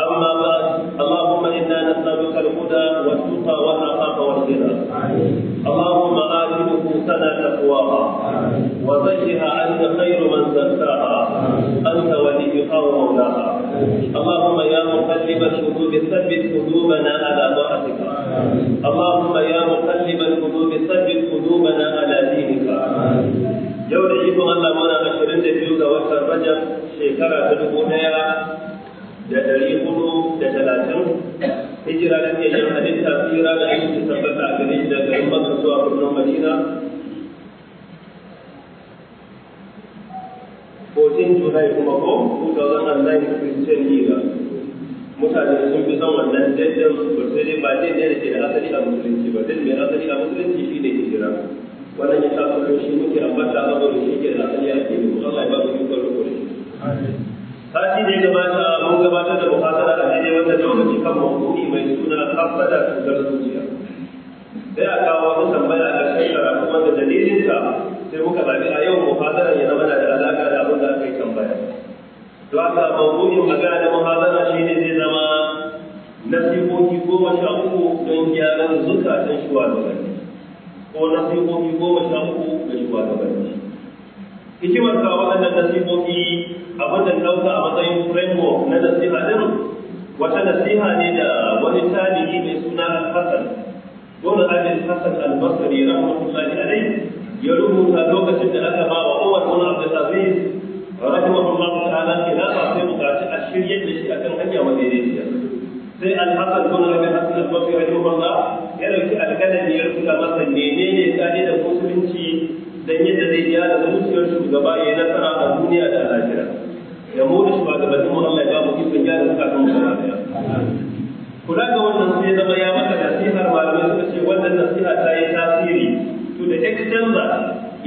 أما بعد اللهم إنا نسألك الهدى والتقى والعفاف والغنى اللهم آت نفوسنا تقواها وزكها أنت خير من زكاها أنت وليها ومولاها اللهم يا مقلب القلوب ثبت قلوبنا على طاعتك اللهم يا مقلب القلوب ثبت قلوبنا على دينك يوم عيد الله مولانا 22 ga watan Rajab shekara ta da ɗari hudu da talatin hijira na ke yin halitta tsira da ake tabbata a gare da garin Makka zuwa birnin Madina 14 Julai kuma ko 2009 Christian Year mutane sun fi son wannan daidai musulmi ba daidai da ke da asali a musulunci ba daidai mai asali a musulunci shi ne hijira wannan ya sa kullum shi muke ambata a da shi ke da asali a ke da Allah ba mu yi kwallo kwallo sati da ya gabata mun gabatar da muhasara a daidai wannan lokaci kan mawdu'i mai suna hasada cutar zuciya sai a kawo wata tambaya a ƙarshen kuma wanda dalilin sa sai muka zabi a yau muhasara ya zama da alaka da abin da aka yi tambaya to haka mawdu'in magana da muhasara shine zai zama nasihohi goma sha uku don gyaran zukatan shuwagabanni ko nasihohi goma sha uku ga shuwagabanni hikimar kawo waɗannan nasihohi abin da ɗauka a matsayin framework na nasiha din wata nasiha ne da wani talibi mai suna al-hasan dole abin hasan al-basri rahmatullahi alaihi ya rubuta lokacin da aka ba wa umar ibn abdul aziz rahimahullahu ta'ala khilafa sai bukaci a shirye da shi akan hanya madaidaiciya sai al-hasan ibn abi hasan al-basri rahimahullah ya dauki alkalami ya rubuta masa menene tsari da musulunci dan yadda zai ja da zuciyar shugaba ya yi nasara a duniya da lahira shi ba da shugabannin mu Allah ya ba mu ikon ja da zukatan mu gaba ku da ga wannan sai zama ya maka nasihar malamai suka ce wannan nasiha ta yi tasiri to da extender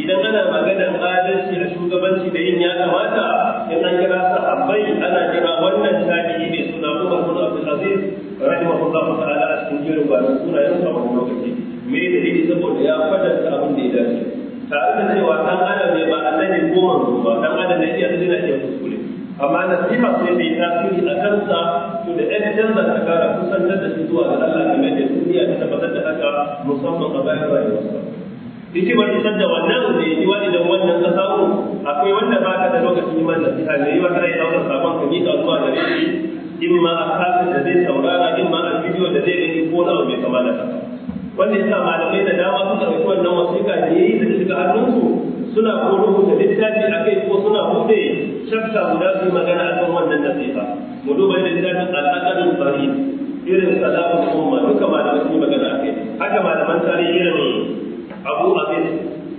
idan ana maganar adalci da shugabanci da yin ya kamata in an kira sahabbai ana kira wannan tabi'i ne suna Umar bin Abdul Aziz rahimahullahu ta'ala a cikin jirin ba sunayen sa wannan lokaci me da yake saboda ya fadanta abin da ya dace tare da cewa dan adam ne ba annabi ko manzo ba dan adam ne iya tsira iya kuskure amma nasiha sai bai tasiri a kansa to da ɗan canza ta kara kusantar da shi zuwa ga Allah kamar da duniya ta tabbatar da haka musamman a bayan rayuwarsa hikimar isar da wannan da yi wa idan wannan ka samu akwai wanda ba ka da lokacin iman nasiha ne yi wa maka rai daura sabon ka miƙa zuwa da rai in ma a kasa da zai saurara in ma a bidiyo da zai gani ko nawa mai kama da haka wanda yasa malamai da dama sun ɗauki wannan wasiƙa da yayi yi da shiga hannunsu suna ko rubuta littafi a kai ko suna buɗe shakka guda su magana a kan wannan nasiha mu duba yadda littafin al'adun bari irin salamun umma duka malamai sun yi magana a kai haka malaman tarihi irin abu abin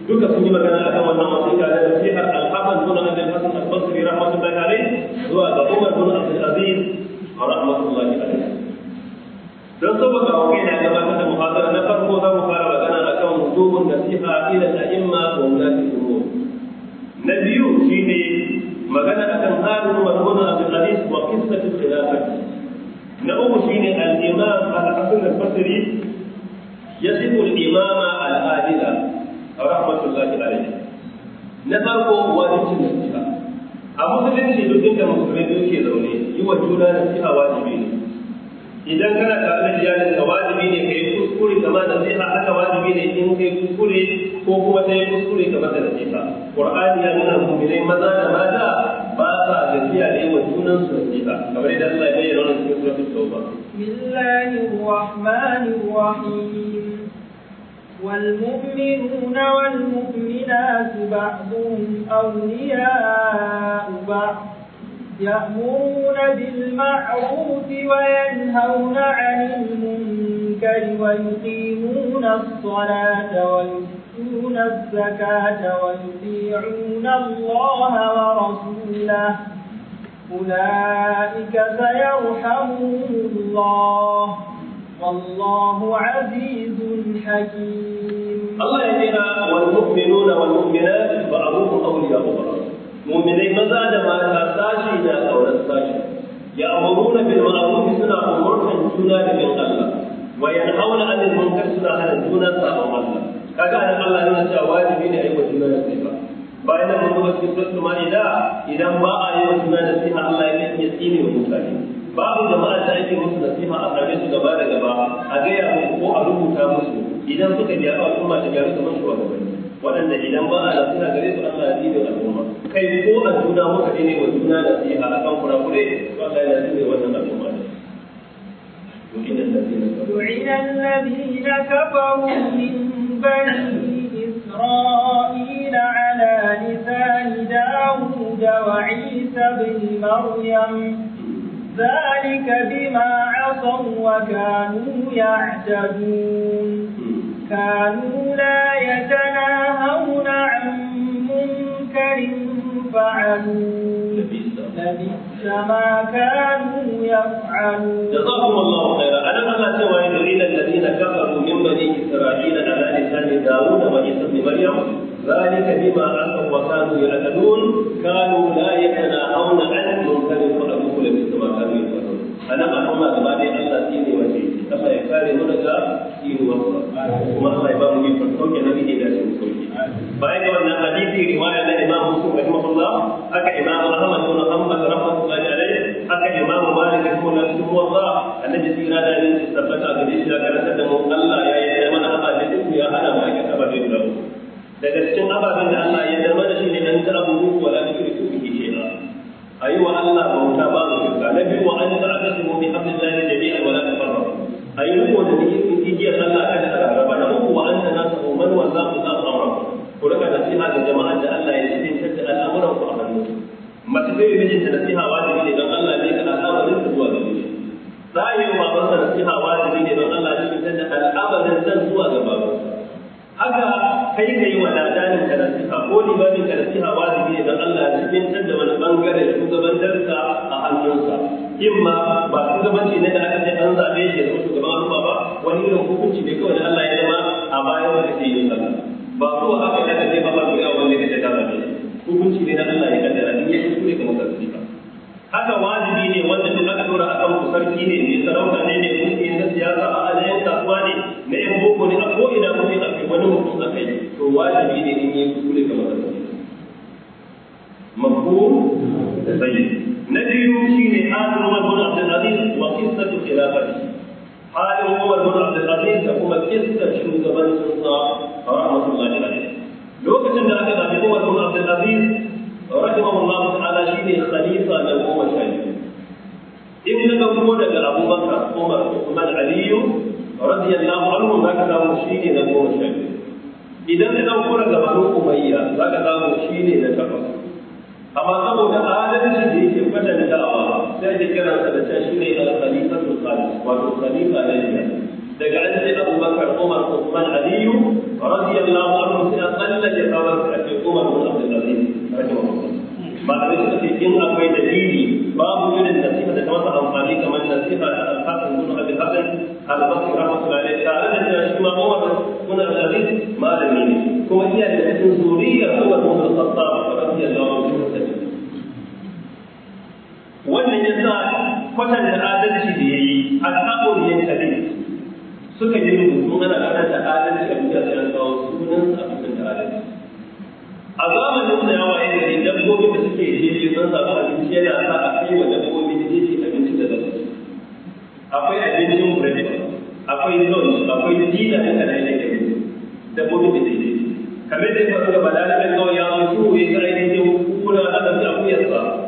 duka sun yi magana a kan wannan wasiƙa da nasihar alhafan sunan da hasan al-basri rahmatullahi alaihi zuwa ga umar bin abdul aziz rahmatullahi alaihi don saboda ku yana gabatar da muhadara na farko za mu fara magana akan wujubun nasiha ila ta'imma wa ulati umur na biyu shine magana akan harin marhuna abdul aziz wa qissatul khilafah na uku shine al-imam al-hasan al-basri yasifu al-imama al-adila rahmatullahi alayhi na farko wajibin nasiha a musulunci duk inda musulmai duk ke zaune yi wa juna nasiha wajibi ne idan kana tare da iyalinka wajibi ne kai kuskure kamar da sai haka wajibi ne in kai kuskure ko kuma sai kuskure kamar da nasiha qur'ani ya nuna mu'minai maza da mata ba sa gajiya da yawan sunan su nasiha kamar yadda Allah ya bayyana wannan cikin suratul tauba bismillahir rahmanir rahim والمؤمنون والمؤمنات بعضهم أولياء بعض يأمرون بالمعروف وينهون عن المنكر ويقيمون الصلاة ويؤتون الزكاة ويطيعون الله ورسوله أولئك سيرحمهم الله والله عزيز حكيم الله يدينا والمؤمنون والمؤمنات بعضهم أولياء بعض mu'minai maza da mata sashi na kaunar sashi ya na bil ma'ruf suna umurtan juna da bin Allah wa yanhauna 'anil munkar suna hana juna sabon Allah kaga anan Allah yana cewa wajibi ne a yi wa juna da sifa bayan mun zuba cikin suratul ma'ida idan ba a yi wa juna da Allah ya iya tsine wa mutane babu jama'a da ake musu nasiha a same su gaba da gaba a gaya musu ko a rubuta musu idan suka biya al'umma da gari kamar shugabanni waɗanda idan ba a nasiha gare su Allah ya da al'umma kai ko a juna muka ne wa juna nasiha a kan kurakure to Allah ya nasiha wannan al'umma ne لعن الذين كفروا من بني إسرائيل على لسان داود وعيسى بن مريم ذلك بما عصوا وكانوا يعتدون كانوا لا يتناهون عن منكر فعلوه لبئس ما كانوا يفعلون جزاكم الله خيرا أنا ما سوى الذين كفروا من بني إسرائيل على لسان داوود وعيسى بن مريم ذلك بما عصوا وكانوا يعتدون كانوا لا يتناهون عن منكر فعلوه لبئس ما كانوا يفعلون أنا ما هم الله سيدي وسيدي Allah ya kare mu daga tsinuwarsa kuma Allah ya ba mu ikon sauke na muke dace mu sauke bayan da wannan hadisi riwaya na Imam Muslim rahimahullah haka Imam Ahmad bin Hanbal rahmatullahi alaihi haka Imam Malik rahimahullah cikin wasa annabi sai na da yin tabbata ga shi daga rasar da mu Allah ya yi mana abadin ya hana mu aikata abadin da daga cikin ababen da Allah ya zama da shi ne an ta'budu wa la tushriku bihi shay'a ayi wa Allah bauta ba mu shirka na biyu wa an a yi zai kiransa da can shine al-khalifatul khamis wato khalifa na ne daga an ce Abu Bakar Umar Uthman Ali radiyallahu anhu sai an tsallake sabon sa ake Umar bin Abdul Aziz rahimahullah ba da shi ce in akwai dalili babu irin nasiha da kamata amfani kamar nasiha da al-Hasan bin Abi Hasan al-Bakri rahmatullahi alayhi tare da cewa shi ma Umar bin Abdul Aziz malami ne kuma iya da cikin zuriyar Umar bin Khattab radiyallahu anhu wannan ya sa kwatanta adalci da ya yi a sabo da ya yi suka yi rubutu ana kwatanta adalci abin da ya kawo sunan abin da adalci a zamanin da yawa ya gari dabbobi da suke jeji sun samu abinci yana sa a kai wa dabbobi da ke abinci da zai akwai abincin burane akwai zon akwai dina da kanai da kyau dabbobi da jeji kamar da ya faru da balala da kawai ya zo su ya kira da ke kuna da ɗan akuyarsa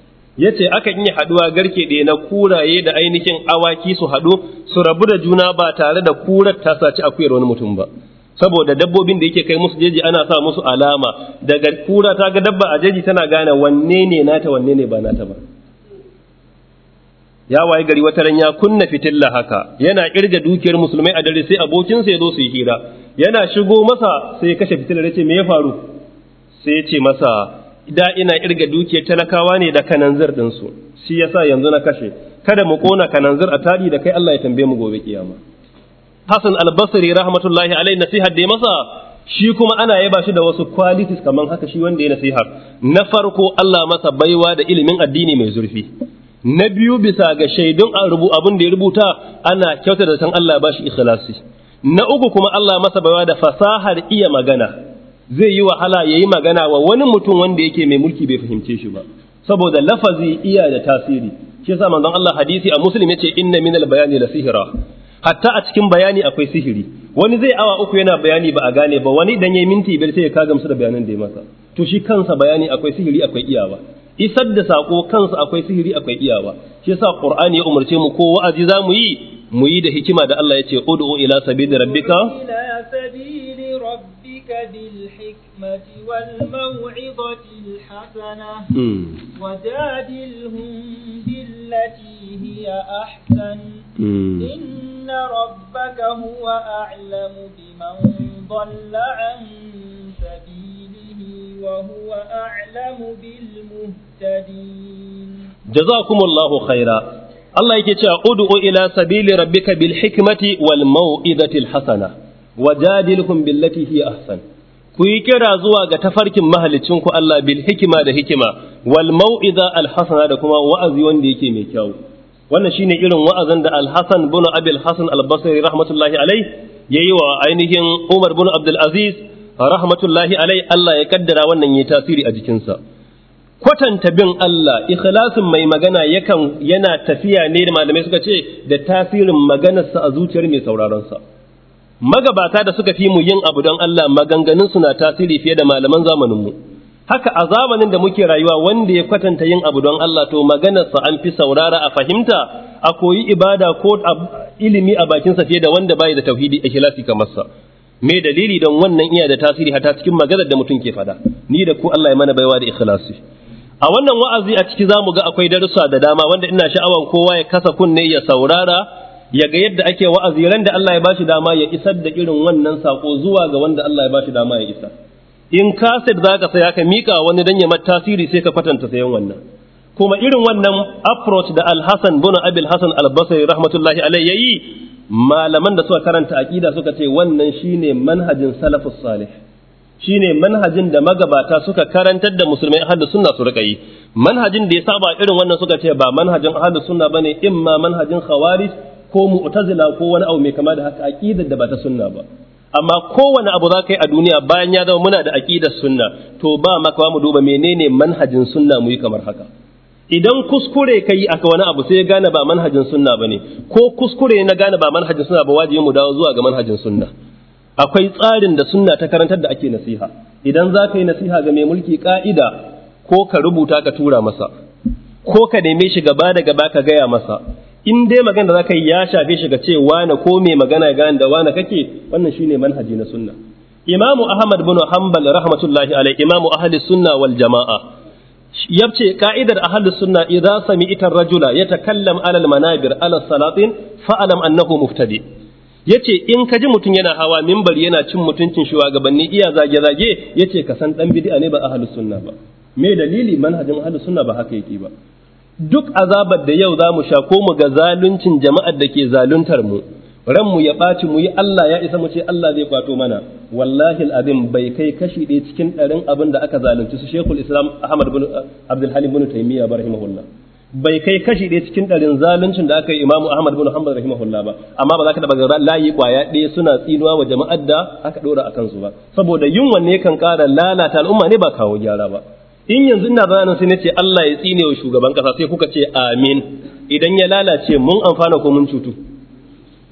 ya ce aka yi haduwa garke ɗaya na kuraye da ainihin awaki su haɗu su rabu da juna ba tare da kurar ta saci akuyar wani mutum ba saboda dabbobin da yake kai musu jeji ana sa musu alama daga kura ta ga dabba a jeji tana gane wanne ne nata wanne ne ba nata ba ya waye gari wata ran ya kunna fitilla haka yana kirga dukiyar musulmai a dare sai abokinsa ya zo su yi hira yana shigo masa sai kashe fitilar ya ce me ya faru sai ya ce masa da ina irga dukiyar talakawa ne da kananzir su. shi yasa yanzu na kashe kada mu kona kananzir a tadi da kai Allah ya tambaye mu gobe kiyama Hassan al-Basri rahmatullahi alaihi nasihar da masa shi kuma ana yaba shi da wasu qualities kaman haka shi wanda ya nasihar na farko Allah masa baiwa da ilimin addini mai zurfi na biyu bisa ga shaidun abin da ya rubuta ana kyautata da san Allah ba shi ikhlasi na uku kuma Allah masa baiwa da fasahar iya magana zai yi wahala ya yi magana wa wani mutum wanda yake mai mulki bai fahimce shi ba saboda lafazi iya da tasiri shi yasa manzon Allah hadisi a muslim yace inna min bayani la sihra hatta a cikin bayani akwai sihiri wani zai awa uku yana bayani ba a gane ba wani dan yayi minti biyar sai ya kaga musu da bayanan da ya masa to shi kansa bayani akwai sihiri akwai iyawa isar da sako kansa akwai sihiri akwai iyawa shi yasa qur'ani ya umarce mu ko wa'azi zamu yi mu yi da hikima da Allah ya ce ud'u ila sabili rabbika ila sabili ربك بالحكمة والموعظة الحسنة وجادلهم بالتي هي أحسن إن ربك هو أعلم بمن ضل عن سبيله وهو أعلم بالمهتدين جزاكم الله خيرا Allah yake cewa ud'u ila sabili rabbika bil hikmati wal mau'izatil hasana wajadilhum billati hi ahsan ku yi kira zuwa ga tafarkin mahalicin ku Allah bil hikima da hikima wal mau'iza al hasana da kuma wa'azi wanda yake mai kyau wannan shine irin wa'azin da al hasan bin abil hasan al basri rahmatullahi alai yayi wa ainihin umar bin abdul aziz rahmatullahi alai Allah ya kaddara wannan yayi tasiri a jikinsa kwatanta bin Allah ikhlasin mai magana yakan yana tafiya ne da malamai suka ce da tasirin maganarsa a zuciyar mai sauraron sa magabata da suka fi mu yin abu don Allah maganganun suna tasiri fiye da malaman zamaninmu haka a zamanin da muke rayuwa wanda ya kwatanta yin abu don Allah to maganarsa an fi saurara a fahimta a koyi ibada ko ilimi a bakinsa fiye da wanda bai da tauhidi ikhlasi kamar sa me dalili don wannan iya da tasiri hata cikin maganar da mutum ke fada ni da ku Allah ya mana baiwa da ikhlasi a wannan wa'azi a ciki zamu ga akwai darussa da dama wanda ina sha'awan kowa ya kasa kunne ya saurara ya ga yadda ake wa'azi ran da Allah ya bashi dama ya isar da irin wannan sako zuwa ga wanda Allah ya bashi dama ya isa in kaset za ka saya ka mika wani dan ya tasiri sai ka kwatanta sayan wannan kuma irin wannan approach da Al-Hasan bin Abil Hasan Al-Basri rahmatullahi alayhi yayi malaman da suka karanta aqida suka ce wannan shine manhajin salafus salih shine manhajin da magabata suka karantar da musulmai ahlus sunna su rika yi manhajin da ya saba irin wannan suka ce ba manhajin ahlus sunna bane imma manhajin khawarij ko mu'tazila ko wani abu mai kama da haka aqidar da ba ta sunna ba amma kowane abu za yi a duniya bayan ya zama muna da aqidar sunna to ba maka mu duba menene manhajin sunna mu yi kamar haka idan kuskure ka yi aka wani abu sai ya gane ba manhajin sunna ba ne ko kuskure na gane ba manhajin sunna ba wajibi mu dawo zuwa ga manhajin sunna akwai tsarin da sunna ta karantar da ake nasiha idan za yi nasiha ga mai mulki ka'ida ko ka rubuta ka tura masa ko ka neme shi gaba da gaba ka gaya masa in dai magana da zaka yi ya shafe shi ga cewa na ko mai magana gani da wani kake wannan shine manhaji na sunna imamu ahmad bin hanbal rahmatullahi alaihi imamu ahli sunna wal jamaa yace ka'idar ahli sunna idza sami'ta ar-rajula yatakallam ala al-manabir ala salatin fa'alam annahu muftadi yace in ka ji mutum yana hawa mimbar yana cin mutuncin shugabanni iya zage-zage yace ka san dan bid'a ne ba ahlus sunna ba me dalili manhajin ahlus sunna ba haka yake ba duk azabar da yau za mu sha ko mu ga zaluncin jama'ar da ke zaluntar mu ranmu ya ɓaci mu yi Allah ya isa mu ce Allah zai kwato mana wallahi al'adin bai kai kashi ɗaya cikin ɗarin abin da aka zalunci su shekul islam ahmad bin abdul halim bin taimiyya rahimahullah bai kai kashi ɗaya cikin ɗarin zaluncin da aka yi imamu ahmad bin hanbal rahimahullah ba amma ba za ka taɓa ga layi kwaya ɗaya suna tsinuwa wa jama'ar da aka ɗora a kansu ba saboda yunwa ne kan ƙara lalata al'umma ne ba kawo gyara ba in yanzu ina bayanin sai nace Allah ya tsine wa shugaban kasa sai kuka ce amin idan ya lalace mun amfana ko mun cutu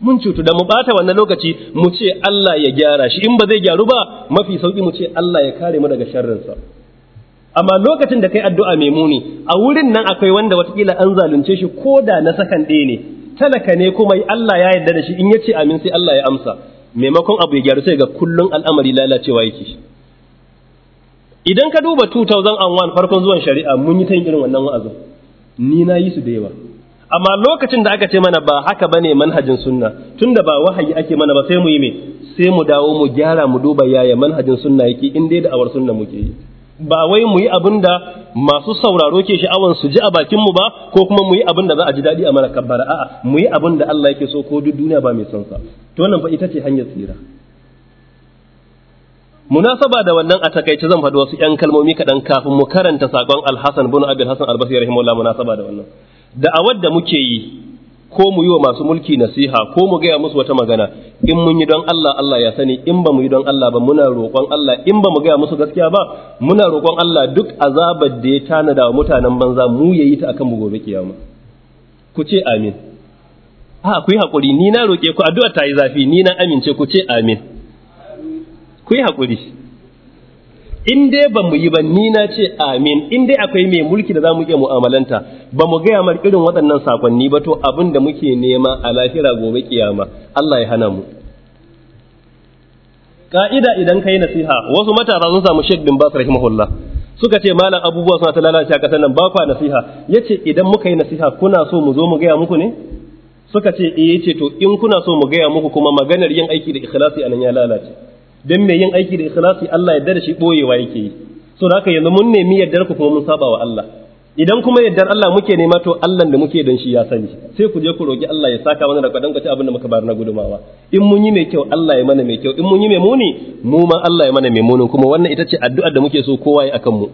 mun cutu da mu bata wannan lokaci mu ce Allah ya gyara shi in ba zai gyaru ba mafi sauki mu ce Allah ya kare mu daga sharrin sa amma lokacin da kai addu'a mai muni a wurin nan akwai wanda watakila an zalunce shi ko da na sakan ɗaya ne talaka ne kuma Allah ya yarda da shi in ya ce amin sai Allah ya amsa maimakon abu ya gyaru sai ga kullun al'amari lalacewa yake shi idan ka duba 2001 farkon zuwan shari'a mun yi ta yin irin wannan wa'azin ni na yi su da yawa amma lokacin da aka ce mana ba haka ne manhajin sunna tunda ba wahayi ake mana ba sai mu yi me sai mu dawo mu gyara mu duba yaya manhajin sunna yake in dai da awar sunna muke yi ba wai mu yi abin da masu sauraro ke sha'awan su ji a bakin mu ba ko kuma mu yi abin da za a ji daɗi a mana kabbara a'a mu yi abin da Allah yake so ko duk duniya ba mai son sa to wannan fa ita ce hanyar tsira munasaba da wannan a takaice zan faɗi wasu ƴan kalmomi kaɗan kafin mu karanta sakon alhassan bin abin hassan albasir rahimahullah munasaba da wannan Da a da muke yi ko mu yi wa masu mulki nasiha ko mu gaya musu wata magana in mun yi don Allah Allah ya sani in ba mu yi don Allah ba muna roƙon Allah in ba mu gaya musu gaskiya ba muna roƙon Allah duk azabar da ya tanada wa mutanen banza mu yayi ta akan mu gobe kiyama ku ce amin a ku yi haƙuri ni na roƙe ku addu'a ta yi zafi ni na amince ku ce amin ku yi haƙuri in dai ba mu yi ba ni na ce amin in dai akwai mai mulki da za mu iya mu'amalanta ba mu gaya mar irin waɗannan sakonni ba to abin da muke nema a lahira gobe kiyama Allah ya hana mu ka'ida idan kai nasiha wasu matasa sun samu shek bin Bas rahimahullah suka ce malam abubuwa suna ta lalace a ƙasar nan ba kwa nasiha ce idan muka yi nasiha kuna so mu zo mu gaya muku ne suka ce eh yace to in kuna so mu gaya muku kuma maganar yin aiki da ikhlasi anan ya lalace dan mai yin aiki da ikhlasi Allah ya da shi boyewa yake yi so haka yanzu mun nemi yardar ku kuma mun saba wa Allah idan kuma yardar Allah muke nema to Allah da muke dan shi ya sani sai ku je ku roki Allah ya saka mana da kadan kace abin da muka bar na gudumawa in mun yi mai kyau Allah ya mana mai kyau in mun yi mai muni mu ma Allah ya mana mai munin kuma wannan ita ce addu'ar da muke so kowa ya akan mu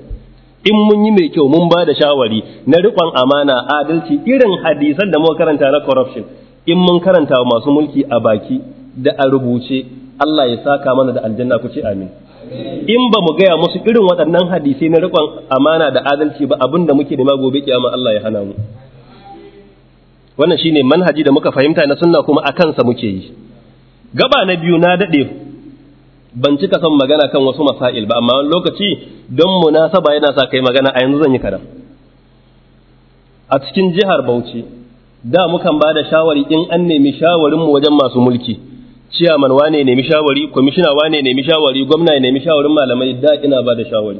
in mun yi mai kyau mun ba da shawari na riƙon amana adalci irin hadisan da muka karanta na corruption in mun karanta masu mulki a baki da a rubuce Allah ya saka mana da aljanna ku ce amin in ba mu gaya musu irin waɗannan hadisai na riƙon amana da adalci ba abinda muke nema gobe kiyama Allah ya hana mu wannan shine manhaji da muka fahimta na sunna kuma a kansa muke yi gaba na biyu na daɗe ban cika son magana kan wasu masail ba amma wani lokaci don munasaba yana sa kai magana a yanzu zan yi karam a cikin jihar Bauchi da mukan bada shawari in an nemi shawarinmu wajen masu mulki ciyaman wane nemi shawari kwamishina wane nemi shawari gwamna ya nemi shawarin malamai da ina ba da shawari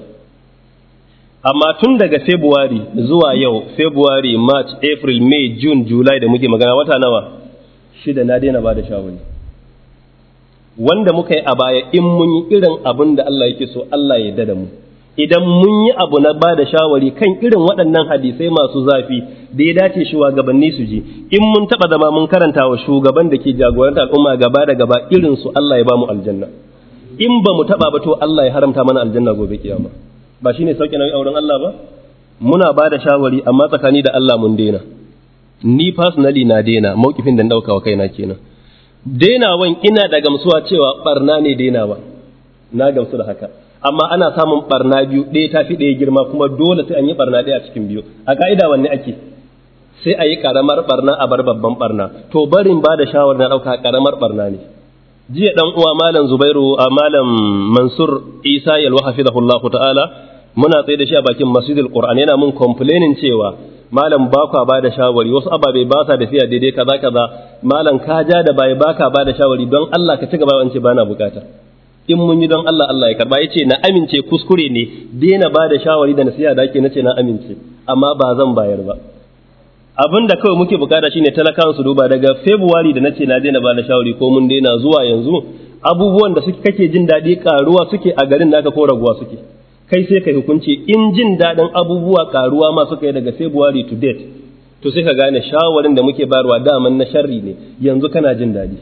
amma tun daga february zuwa yau february march april may june july da muke magana wata nawa shida na daina ba da shawari wanda muka yi a baya in mun yi irin abin da Allah yake so Allah ya dada mu idan mun yi abu na ba da shawari kan irin waɗannan hadisai masu zafi da ya dace shugabanni su ji in mun taba zama mun karanta wa shugaban da ke jagoranta al'umma gaba da gaba irin su Allah ya ba mu aljanna in ba mu taba ba to Allah ya haramta mana aljanna gobe kiyama ba shine sauke nauyin auren Allah ba muna ba da shawari amma tsakani da Allah mun daina ni personally na daina mawkifin da na dauka wa kaina kenan dainawan ina da gamsuwa cewa barna ne dainawa na gamsu da haka amma ana samun barna biyu ɗaya tafi ɗaya girma kuma dole sai an yi barna ɗaya a cikin biyu a ka'ida wanne ake sai a yi karamar barna a bar babban barna to barin ba da shawar na ɗauka karamar barna ne jiya dan uwa malam zubairu a malam mansur isa yalwa hullahu ta'ala muna tsaye da shi a bakin masjidil qur'an yana mun complaining cewa malam ba kwa ba da shawari wasu ababe ba sa da daidai kaza kaza malam ka ja da bai ba ka ba da shawari don Allah ka ci gaba wance bana bukata in mun yi don Allah Allah ya karba yace na amince kuskure ne daina ba da shawari da nasiha da ake nace na amince amma ba zan bayar ba abin da kawai muke bukata shine talakawan su duba daga february da nace na daina bada shawari ko mun daina zuwa yanzu abubuwan da suke kake jin daɗi karuwa suke a garin naka ko raguwa suke kai sai ka hukunci in jin daɗin abubuwa karuwa ma suka yi daga february to date to sai ka gane shawarin da muke bayarwa daman na sharri ne yanzu kana jin daɗi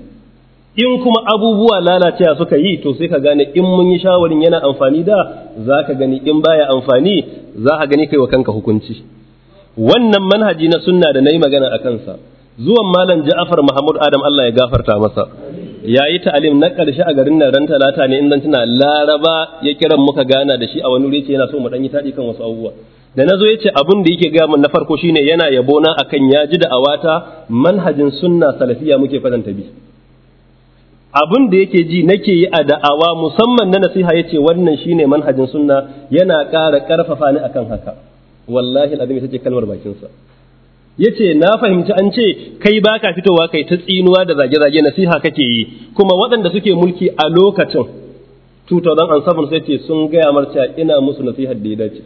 in kuma abubuwa lalacewa suka yi to sai ka gane in mun yi shawarin yana amfani da za ka gani in baya amfani za a gani kai wa kanka hukunci wannan manhaji na sunna da na yi magana a kansa zuwan malam Ja'far Muhammad Adam Allah ya gafarta masa yayi ta'alim na karshe a garin nan ran talata ne in tana Laraba ya kiran muka gana da shi a wani wuri ce yana so mu dan yi tadi kan wasu abubuwa da nazo ce abun da yake ga mun na farko shine yana yabo na akan yaji da awata manhajin sunna salafiya muke fadanta bi abin da yake ji nake yi a da'awa musamman na nasiha ya ce wannan shine manhajin sunna yana ƙara ƙarfafa ni akan haka wallahi alazim ita ce kalmar bakinsa yace na fahimci an ce kai baka fitowa kai ta tsinuwa da zage-zage nasiha kake yi kuma waɗanda suke mulki a lokacin 2007 sai ce sun gaya marta ina musu nasihar da ya dace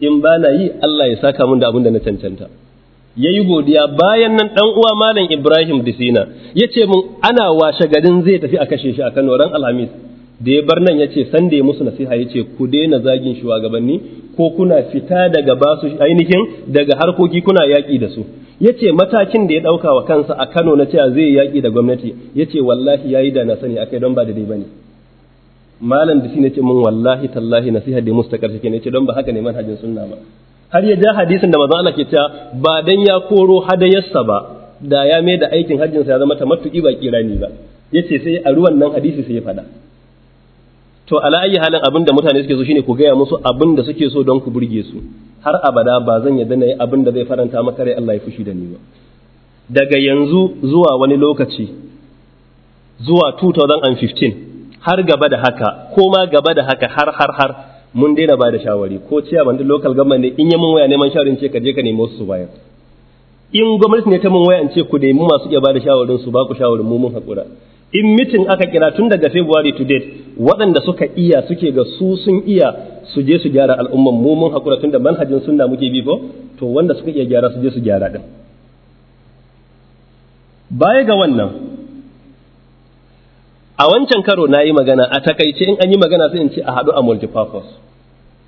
in ba na yi Allah ya saka mun da abin da na cancanta ya yi godiya bayan nan ɗan uwa malam Ibrahim Disina ya ce mun ana washe garin zai tafi a kashe shi a Kano ran Alhamis da ya bar nan ya ce san da ya musu nasiha ya ce ku daina zagin shugabanni ko kuna fita daga basu ainihin daga harkoki kuna yaƙi da su Ya ce matakin da ya ɗauka wa kansa a Kano na cewa zai yaƙi da gwamnati Ya ce wallahi ya yi da na sani akai don ba da ba ne. malam da shi ne ce mun wallahi tallahi nasiha da ƙarshe kenan ya ce don ba haka ne manhajin sunna ba har ya ja hadisin da mazan Allah ke cewa ba dan ya koro hadayarsa ba da ya mai da aikin hajjinsa ya zama ta matuƙi ba kirani ba Ya ce sai a ruwan nan hadisi sai ya faɗa to ala ayi halin abin da mutane suke so shine ku gaya musu abin da suke so don ku burge su har abada ba zan yadda na yi abin da zai faranta maka rai Allah ya fushi da ni ba daga yanzu zuwa wani lokaci zuwa 2015 har gaba da haka ko ma gaba da haka har har har mun daina ba da shawari ko ciya bandin local government ne in yi mun waya neman shawarin ce ka je ka nemi wasu su bayan in gwamnati ne ta mun waya in ce ku nemi masu iya ba da shawarin su ba ku shawarin mu mun haƙura in mitin aka kira tun daga February to date waɗanda suka iya suke ga su sun iya su je su gyara al'umman mu mun hakura tun da manhajin sunna muke bi ko to wanda suka iya gyara su je su gyara din baya ga wannan a wancan karo na yi magana a takaice in an yi magana sai in ce a haɗu a multipurpose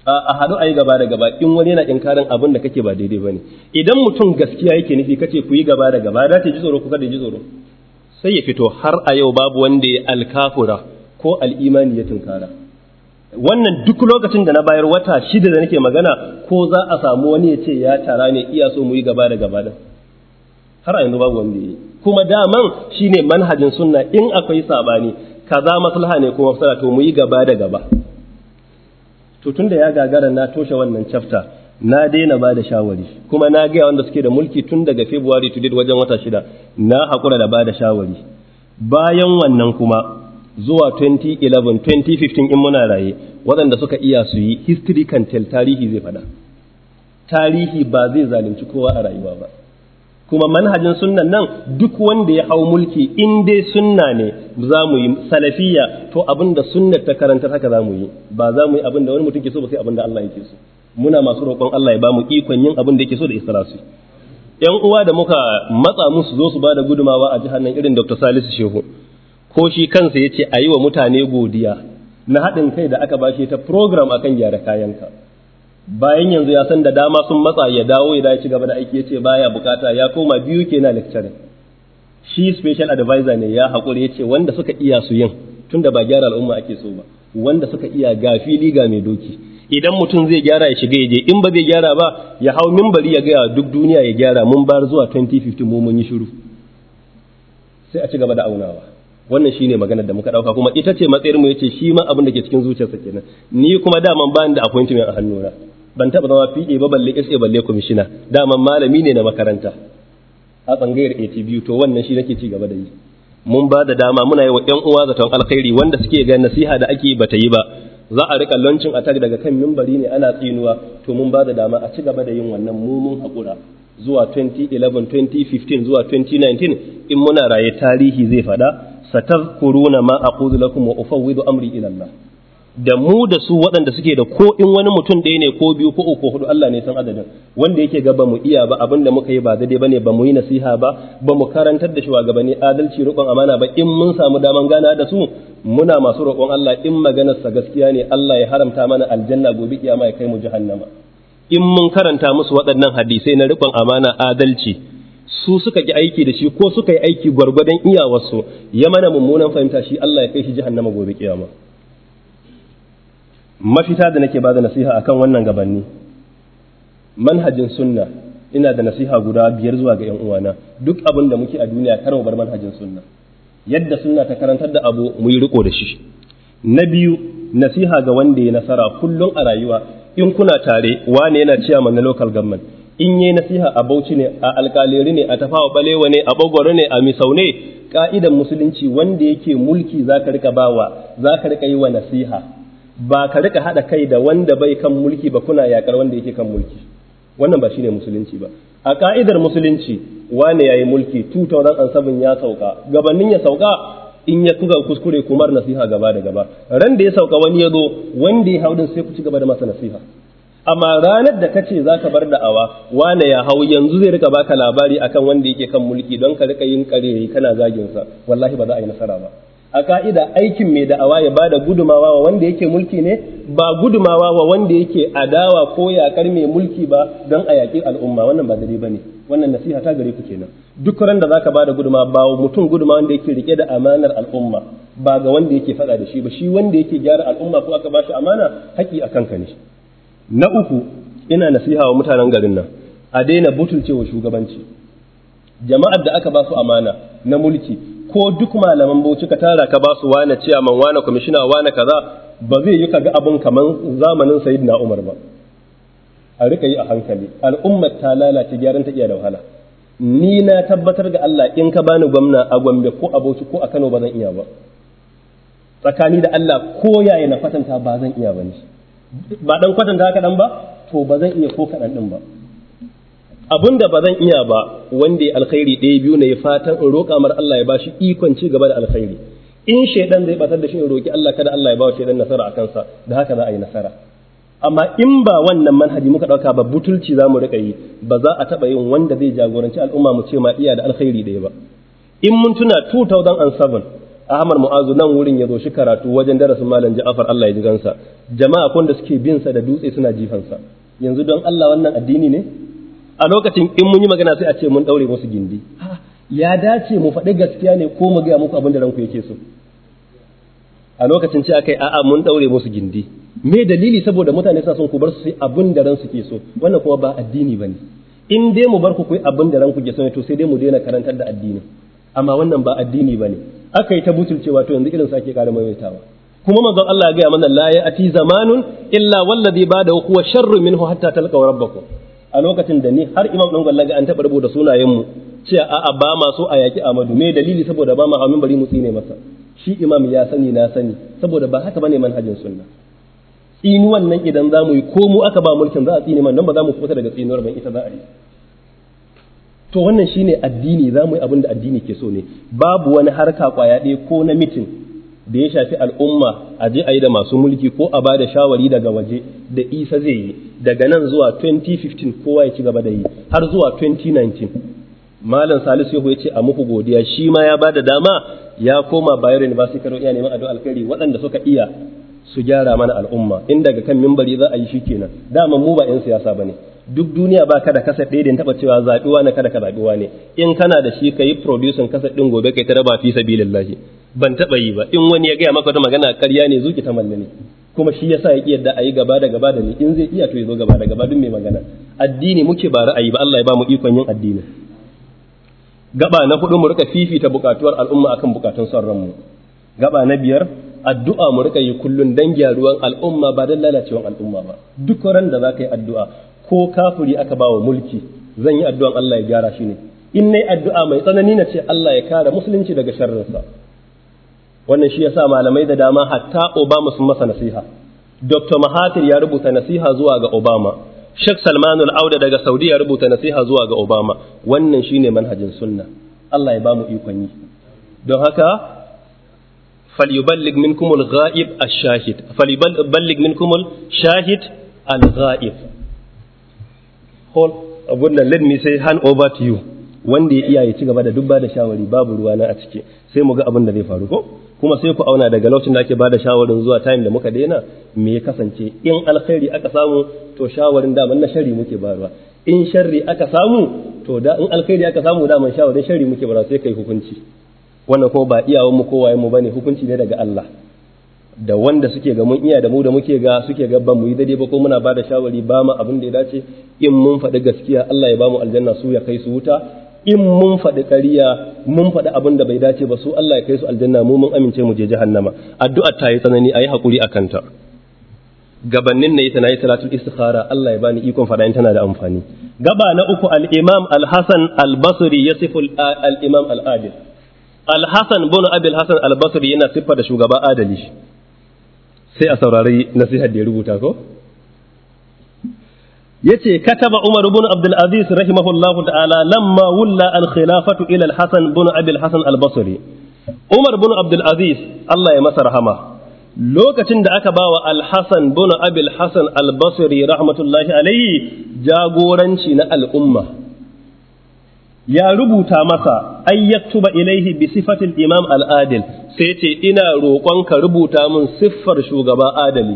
a haɗu a gaba da gaba in wani yana inkarin abin da kake ba daidai ba ne idan mutum gaskiya yake nufi kace ku yi gaba da gaba da ji tsoro ku kada ji tsoro sai ya fito har a yau babu wanda ya alkafura ko al'imani ya tunkara wannan duk lokacin da na bayar wata shida da nake magana ko za a samu wani ya ce ya tara ne iya so mu yi gaba da gaba da har a yanzu babu wanda ya kuma daman shine manhajin sunna in akwai sabani kaza maslaha ne kuma fasara to mu yi gaba da gaba to tunda ya gagara na toshe wannan cafta, na daina ba da shawari kuma na gaya wanda suke da mulki tun daga February to date wajen wata shida na haƙura da bada shawari bayan wannan kuma zuwa 2011 2015 in muna raye waɗanda suka iya su yi history can tell tarihi zai faɗa tarihi ba zai zalunci kowa a rayuwa ba kuma manhajin sunnan nan duk wanda ya hau mulki in dai sunna ne za mu yi salafiya to abin da sunnar ta karantar haka za mu yi ba za mu yi abin da wani mutum ke so ba sai abin da Allah yake so muna masu roƙon Allah ya ba mu ikon yin abin da yake so da ikhlasi yan uwa da muka matsa musu zo su ba da gudumawa a jihar nan irin Dr. Salisu Shehu ko shi kansa ya ce a yi wa mutane godiya na haɗin kai da aka ba shi ta program akan gyara kayanka bayan yanzu ya san da dama sun matsa ya dawo ya ci gaba da aiki ya ce baya bukata ya koma biyu ke na lecturing shi special advisor ne ya haƙuri ya ce wanda suka iya su yin tunda ba gyara al'umma ake so ba wanda suka iya ga fili ga mai doki idan mutum zai gyara ya shiga je in ba zai gyara ba ya hau mimbari ya gaya duk duniya ya gyara mun bar zuwa 2050 mu mun yi shiru sai a ci gaba da aunawa wannan shine maganar da muka dauka kuma ita ce matsayar mu yace shi ma abin da ke cikin zuciyarsa kenan ni kuma daman ba ni da appointment a hannuna ban taba zama PA ba balle SA balle commissioner daman malami ne na makaranta a tsangayar ATB to wannan shi nake ci gaba da yi mun ba da dama muna yi wa 'yan uwa zaton alkhairi wanda suke ga nasiha da ake bata yi ba za a rika lancin attack daga kan mimbari ne ana tsinuwa to mun ba da dama a ci gaba da yin wannan mumun haƙura zuwa 2011 2015 zuwa 2019 in muna raye tarihi zai fada satar kuruna ma a lakum wa ufawwidu amri ila Allah da mu da su waɗanda suke da ko in wani mutum ɗaya ne ko biyu ko uku hudu Allah ne san adadin wanda yake ga ba mu iya ba abin da muka yi ba daidai bane ba mu yi nasiha ba ba mu karantar da shugabanni adalci riƙon amana ba in mun samu daman gana da su muna masu roƙon Allah in maganarsa gaskiya ne Allah ya haramta mana aljanna gobe kiyama ya kai mu jahannama in mun karanta musu waɗannan hadisai na riƙon amana adalci su suka ki aiki da shi ko suka yi aiki gwargwadon iyawarsu ya mana mummunan fahimta shi Allah ya kai shi jahannama gobe kiyama mafita da nake bada nasiha akan wannan gabanni manhajin sunna ina da nasiha guda biyar zuwa ga 'yan uwana duk abin da muke a duniya kar mu bar manhajin sunna yadda sunna ta karantar da abu mu yi riko da shi na biyu nasiha ga wanda ya nasara kullum a rayuwa in kuna tare wane yana ciya na local government in yi nasiha a Bauchi ne a alkaleri ne a tafawa balewa ne a bagwaro ne a misau ne ka'idan musulunci wanda yake mulki zaka rika bawa zaka rika yi wa nasiha ba ka rika haɗa kai da wanda bai kan mulki ba kuna yakar wanda yake kan mulki wannan ba shine musulunci ba a ƙa'idar musulunci wane yayi mulki ansabin ya sauka gabanin ya sauka in ya kuga kuskure kumar nasiha gaba da gaba ran da ya sauka wani ya zo wanda ya haudin sai ku ci gaba da masa nasiha amma ranar da kace zaka bar da'awa wane ya hau yanzu zai rika baka labari akan wanda yake kan mulki don ka rika yin kare kana zagin sa wallahi ba za a yi nasara ba a ka'ida aikin mai da'awa ya bada gudumawa wa wanda yake mulki ne ba gudumawa wa wanda yake adawa ko yakar mai mulki ba don a yaƙi al'umma wannan ba dare bane wannan nasiha ta gare ku kenan duk ran da zaka bada gudumawa ba wa mutum gudumawa wanda yake rike da amanar al'umma ba ga wanda yake faɗa da shi ba shi wanda yake gyara al'umma ko aka ba bashi amana haƙi a kanka ne na uku ina nasiha wa mutanen garin nan a daina butulcewa shugabanci jama'ar da aka ba su amana na mulki ko duk malaman bauchi ka tara ka ba su wane ciyaman wane kwamishina wane kaza ba zai yi kaga abin kaman zamanin sayyidina umar ba a rika yi a hankali al'ummar ta lalace gyaran ta iya da wahala ni na tabbatar ga Allah in ka bani gwamna a Gombe ko a Bauchi ko a Kano ba zan iya ba tsakani da Allah ko yaya na kwatanta ba zan iya ba ni. ba dan kwatanta haka dan ba to ba zan iya ko kaɗan ɗin ba abin da ba zan iya ba wanda ya alkhairi ɗaya biyu na ya fatan in roƙa mar Allah ya bashi ikon ci gaba da alkhairi in shaidan zai batar da shi in roƙi Allah kada Allah ya ba shaidan nasara a kansa da haka za a yi nasara amma in ba wannan manhaji muka ɗauka ba butulci za mu riƙa yi ba za a taɓa yin wanda zai jagoranci al'umma mu ce ma iya da alkhairi ɗaya ba in mun tuna 2007 Ahmad Mu'azu nan wurin ya zo shi karatu wajen darasin Malam Ja'far Allah ya ji gansa. Jama'a kun da suke bin sa da dutse suna jifansa. Yanzu don Allah wannan addini ne? a lokacin in mun yi magana sai a ce mun daure musu gindi ya dace mu faɗi gaskiya ne ko mu gaya muku abin da ranku yake so a lokacin ce akai a'a mun daure musu gindi me dalili saboda mutane suna son ku bar su sai abin da ransu ke so wannan kuma ba addini bane in dai mu bar ku kai abin da ranku ke so to sai dai mu daina karantar da addini amma wannan ba addini bane aka yi ta butulcewa to yanzu irin sa ke ƙara maimaitawa kuma manzon Allah ya gaya mana la ati zamanun illa ba bada huwa sharru minhu hatta talqa rabbakum a lokacin da ni har imam dan gwalla an taɓa rubuta sunayen mu cewa a ba ma so a yaki Amadu me dalili saboda ba ma hamin bari mu tsine masa shi imam ya sani na sani saboda ba haka bane manhajin sunna tsinuwan nan idan za mu yi ko mu aka ba mulkin za a tsine man don ba za mu fita daga tsinuwar ban ita za a yi to wannan shine addini za mu yi abin da addini ke so ne babu wani harka kwaya ɗaya ko na mitin da ya shafi al'umma a je a yi da masu mulki ko a ba da shawari daga waje da isa zai yi daga nan zuwa 2015 kowa ya ci gaba da yi har zuwa 2019 malam salisu yahu ya ce a muku godiya shi ma ya ba da dama ya koma bayero university karo iya neman addu'a alkhairi waɗanda suka iya su gyara mana al'umma in daga kan mimbari za a yi shi kenan dama mu ba 'yan siyasa ba ne duk duniya ba kada da kasa ɗaya da taɓa cewa zaɓi na kada ka zaɓi ne. in kana da shi ka yi producing kasa ɗin gobe kai ta raba fi lallahi ban taɓa yi ba in wani ya gaya maka wata magana ƙarya ne zuki ta mallani kuma shi yasa ya yadda a yi gaba da gaba da ni in zai iya to ya zo gaba da gaba duk mai magana addini muke ba ra'ayi ba Allah ya ba mu ikon yin addini gaba na hudu mu rika fifita bukatuwar al'umma akan bukatun son ranmu gaba na biyar addu'a mu rika yi kullum dan gyaruwan al'umma ba dan lalacewan al'umma ba duk ran da zaka yi addu'a ko kafiri aka ba wa mulki zan yi addu'an Allah ya gyara shi ne in yi addu'a mai tsanani na ce Allah ya kare musulunci daga sharrinsa wannan shi yasa malamai da dama hatta Obama sun masa nasiha Dr. Mahathir ya rubuta nasiha zuwa ga Obama Sheikh Salman al-Auda daga Saudi ya rubuta nasiha zuwa ga Obama wannan shi ne manhajin sunna Allah ya ba bamu ikon yi don haka falyuballigh minkum ghaib ash-shahid falyuballigh minkum shahid al-ghaib hall abun nan let me say hand over to you wanda ya iya ya ci gaba da duk da shawari babu ruwa na a ciki sai mu ga abin da zai faru ko kuma sai ku auna daga lokacin da ake bada shawarin zuwa time da muka daina me ya kasance in alkhairi aka samu to shawarin daman na shari muke bayarwa in sharri aka samu to da in alkhairi aka samu daman shawarin shari muke bayarwa sai kai hukunci wannan kuma ba iyawanmu mu kowaye mu bane hukunci ne daga Allah da wanda suke ga mun iya da mu da muke ga suke ga ba mu yi daidai ba ko muna ba da shawari ba mu abin da ya dace in mun faɗi gaskiya Allah ya ba mu aljanna su ya kai su wuta in mun faɗi ƙariya mun faɗi abin da bai dace ba su Allah ya kai su aljanna mu mun amince mu je jahannama addu'ar ta yi tsanani ayi hakuri a kanta gabanin na yi tana yi salatul istikhara Allah ya bani ikon faɗa in tana da amfani gaba na uku al-imam al-hasan al-basri yasifu al-imam al-adil al-hasan bin abil hasan al-basri yana siffa da shugaba adali sai a saurari nasihar da ya rubuta ko yace kataba Umar bin Abdul Aziz ta'ala lamma wulla al-khilafatu ila al-Hasan bin Abi al-Hasan al-Basri Umar bin Abdul Allah ya masa rahama lokacin da aka bawa al-Hasan ibn Abi al-Hasan al-Basri rahmatullahi alayhi jagoranci na al'umma ya rubuta masa ay ba ilaihi bi sifatil imam al sai ce ina roƙon ka rubuta min siffar shugaba adali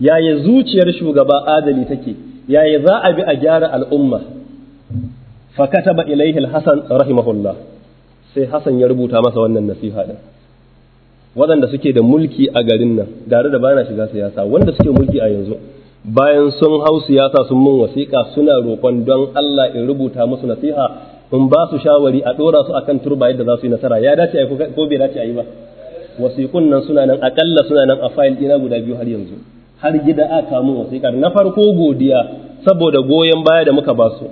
yaya zuciyar shugaba adali take yaya za a bi a gyara al'umma fa kataba ilaihi al-hasan rahimahullah sai hasan ya rubuta masa wannan nasiha din waɗanda suke da mulki a garin nan tare da bana shiga siyasa wanda suke mulki a yanzu bayan sun hau siyasa sun mun wasiƙa suna roƙon don Allah in rubuta musu nasiha in ba su shawari a ɗora su akan turba yadda za su yi nasara ya dace ai ko bai dace ai ba wasiqun nan suna nan akalla suna nan a fayil dina guda biyu har yanzu har gida a kamu wasiƙar na farko godiya saboda goyon baya da muka ba su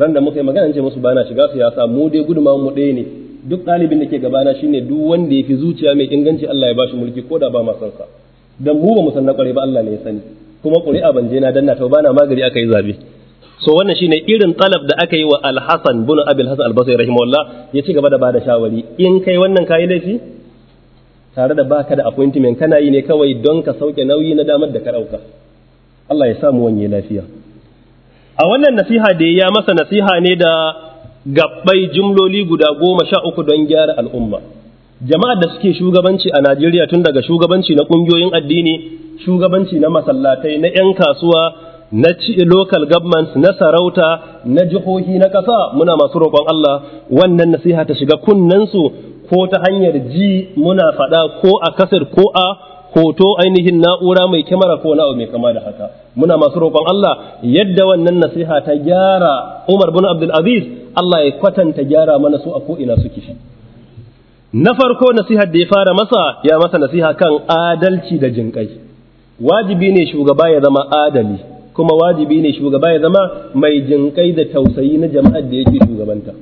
ran da muka yi magana ce musu bana shiga siyasa mu dai gudunmawar mu ɗaya ne duk ɗalibin da ke gabana shine duk wanda ya fi zuciya mai inganci Allah ya bashi mulki ko da ba ma san sa dan mu ba mu san na kware ba Allah ne ya sani kuma ƙuri'a ban je na danna ta bana magari aka yi zabe so wannan shine irin talab da aka yi wa al-Hasan bin Abi al-Hasan al-Basri rahimahullah ya ci gaba da bada shawari in kai wannan kai laifi tare da baka da appointment kana yi ne kawai don ka sauke nauyi na damar da ka dauka Allah ya samu wanye lafiya a wannan nasiha da ya masa nasiha ne da gabbai jumloli guda goma sha uku don gyara al'umma Jama'a da suke shugabanci a Najeriya tun daga shugabanci na kungiyoyin addini shugabanci na masallatai na 'yan kasuwa na local government na sarauta na jihohi na ƙasa muna masu roƙon Allah wannan nasiha ta shiga kunnensu ko ta hanyar ji muna faɗa ko a kasar ko a hoto ainihin na'ura mai kyamara ko na'u mai kama da haka muna masu roƙon Allah yadda wannan nasiha ta gyara Umar bin Abdul Aziz Allah ya kwatanta gyara mana su a ko ina suke na farko nasiha da ya fara masa ya masa nasiha kan adalci da jinƙai wajibi ne shugaba ya zama adali kuma wajibi ne shugaba ya zama mai jinkai da tausayi na jama'ar da yake shugabanta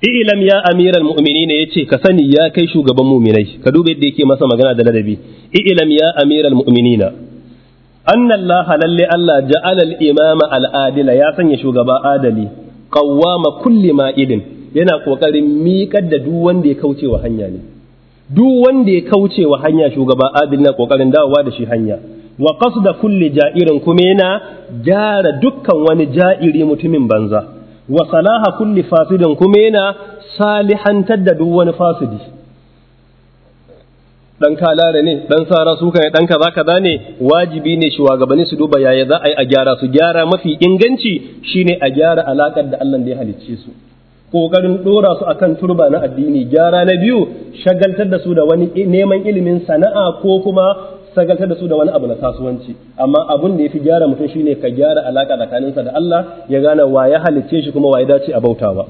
ilam ya amiral ya ce ka sani ya kai shugaban mu'minai ka duba yadda yake masa magana da ladabi ilam ya amiral na anna Allah lalle Allah ja'ala al-imama al ya sanya shugaba adali qawwama kulli ma'idin yana kokarin miƙar da duk wanda ya kauce wa hanya ne duk wanda ya kauce wa hanya shugaba adil na kokarin dawowa da shi hanya wa da kulle ja'irin kuma yana gyara dukkan wani ja'iri mutumin banza wa salaha kulle fasidin kuma yana salihantar da duk wani fasidi dan kalare ne dan sara su ne dan kaza kaza ne wajibi ne shugabanni su duba yaya za a yi a gyara su gyara mafi inganci shine a gyara alakar da Allah da ya halicce su kokarin dora su akan turba na addini gyara na biyu shagaltar da su da wani neman ilimin sana'a ko kuma sagaltar da su da wani abu na kasuwanci amma abun da ya fi gyara mutum shine ka gyara alaka tsakaninsa da Allah ya gane wa ya halicce shi kuma wa ya dace a bautawa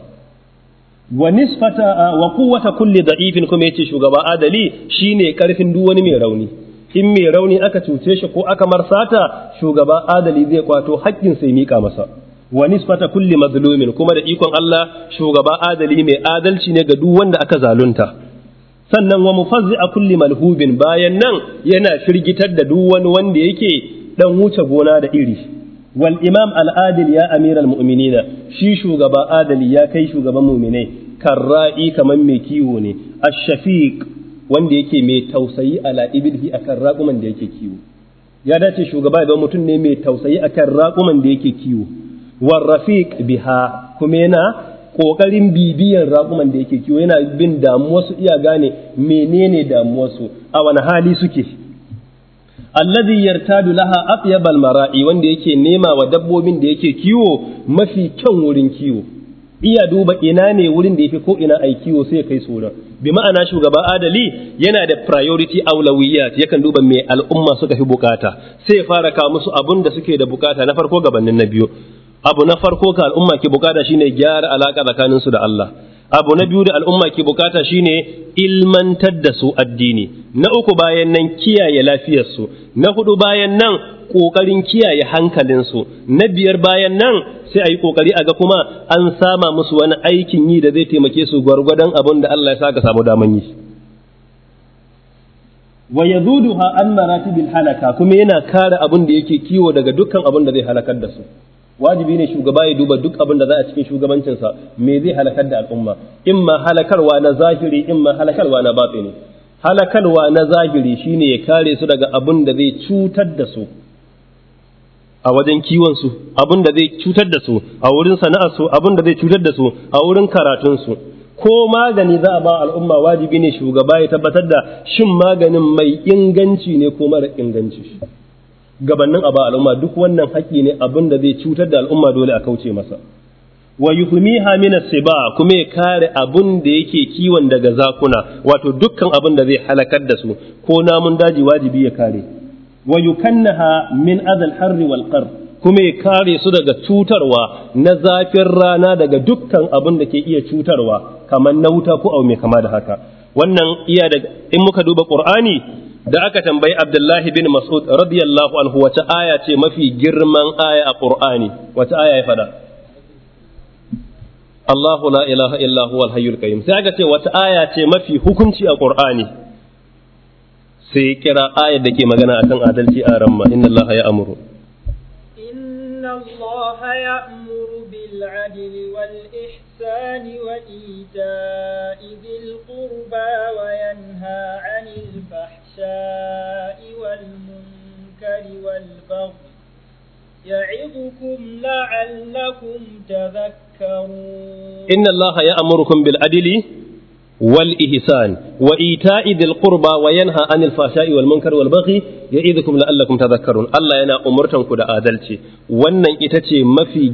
wa nisfata wa quwwata kulli da'ifin kuma yace shugaba adali shine karfin duk wani mai rauni in mai rauni aka cuce shi ko aka marsata shugaba adali zai kwato haƙƙin sai mika masa wa nisfata kulli mazlumin kuma da ikon Allah shugaba adali mai adalci ne ga duk wanda aka zalunta sannan wa mufazzi a kulli malhubin bayan nan yana firgitar da duk wani wanda yake dan wuce gona da iri wal imam adil ya al mu'minina shi shugaba adali ya kai shugaban mu'minai karra'i kamar mai kiwo ne ash-shafiq wanda yake mai tausayi ala ibilhi akan raquman da yake kiwo ya dace shugaba idan mutum ne mai tausayi akan raƙuman da yake kiwo war rafiq biha kuma yana kokarin bibiyan raƙuman da yake kiwo yana bin damuwarsu iya gane menene damuwarsu a wani hali suke allazi yartadu laha atyabal mara'i wanda yake nema wa dabbobin da yake kiwo mafi kyan wurin kiwo iya duba ina ne wurin da yake ko ina ai kiwo sai kai su bi ma'ana shugaba adali yana da priority aulawiyat yakan duba me al'umma suka fi bukata sai ya fara kawo musu abun da suke da bukata na farko gabanin na biyu abu na farko ka al'umma ke bukata shine gyara alaka tsakanin su da Allah abu na biyu da al'umma ke bukata shine ilmantar da su addini na uku bayan nan kiyaye lafiyar su na hudu bayan nan kokarin kiyaye hankalin su na biyar bayan nan sai a yi kokari a ga kuma an sama musu wani aikin yi da zai taimake su gwargwadon abin da Allah ya sa ka samu daman yi wa yazuduha an maratibil halaka kuma yana kare abin da yake kiwo daga dukkan abin da zai halakar da su wajibi ne shugaba ya duba duk abin da za a cikin shugabancinsa me zai halakar da al'umma imma halakarwa na zahiri ma halakarwa na batini halakarwa na zahiri shine ya kare su daga abin da zai cutar da su a wajen kiwon su abin da zai cutar da su a wurin sana'ar su abin da zai cutar da su a wurin karatun su ko magani za a ba al'umma wajibi ne shugaba ya tabbatar da shin maganin mai inganci ne ko mara inganci gabannin a ba al'umma duk wannan haƙƙi ne abin da zai cutar da al'umma dole a kauce masa wa yuhmiha min as-siba kuma ya kare abun da yake kiwon daga zakuna wato dukkan abun da zai halakar da su ko namun daji wajibi ya kare wa yukannaha min adal harri wal qar kuma ya kare su daga cutarwa na zafin rana daga dukkan abun da ke iya cutarwa kamar na wuta ko abu mai kama da haka wannan iya daga in muka duba qur'ani da aka tambayi Abdullahi bin Mas'ud radiyallahu anhu wace aya ce mafi girman aya a Qur'ani aya ya fada Allahu la ilaha illa huwa al-hayyul qayyum sai aka ce wata aya ce mafi hukunci a Qur'ani sai kira aya da ke magana akan adalci a ramma inna Allaha ya'muru inna Allaha ya'muru bil 'adli wal ihsan الإحسان وإيتاء ذي القربى وينهى عن الفحشاء والمنكر والبغي يعظكم لعلكم تذكرون إن الله يأمركم بالعدل wal ihsan wa ita'i dhil qurba wa yanha 'anil fahsha'i wal munkar wal baghi ya'idukum la'allakum tadhakkarun Allah yana umurtan ku da adalci wannan ita ce mafi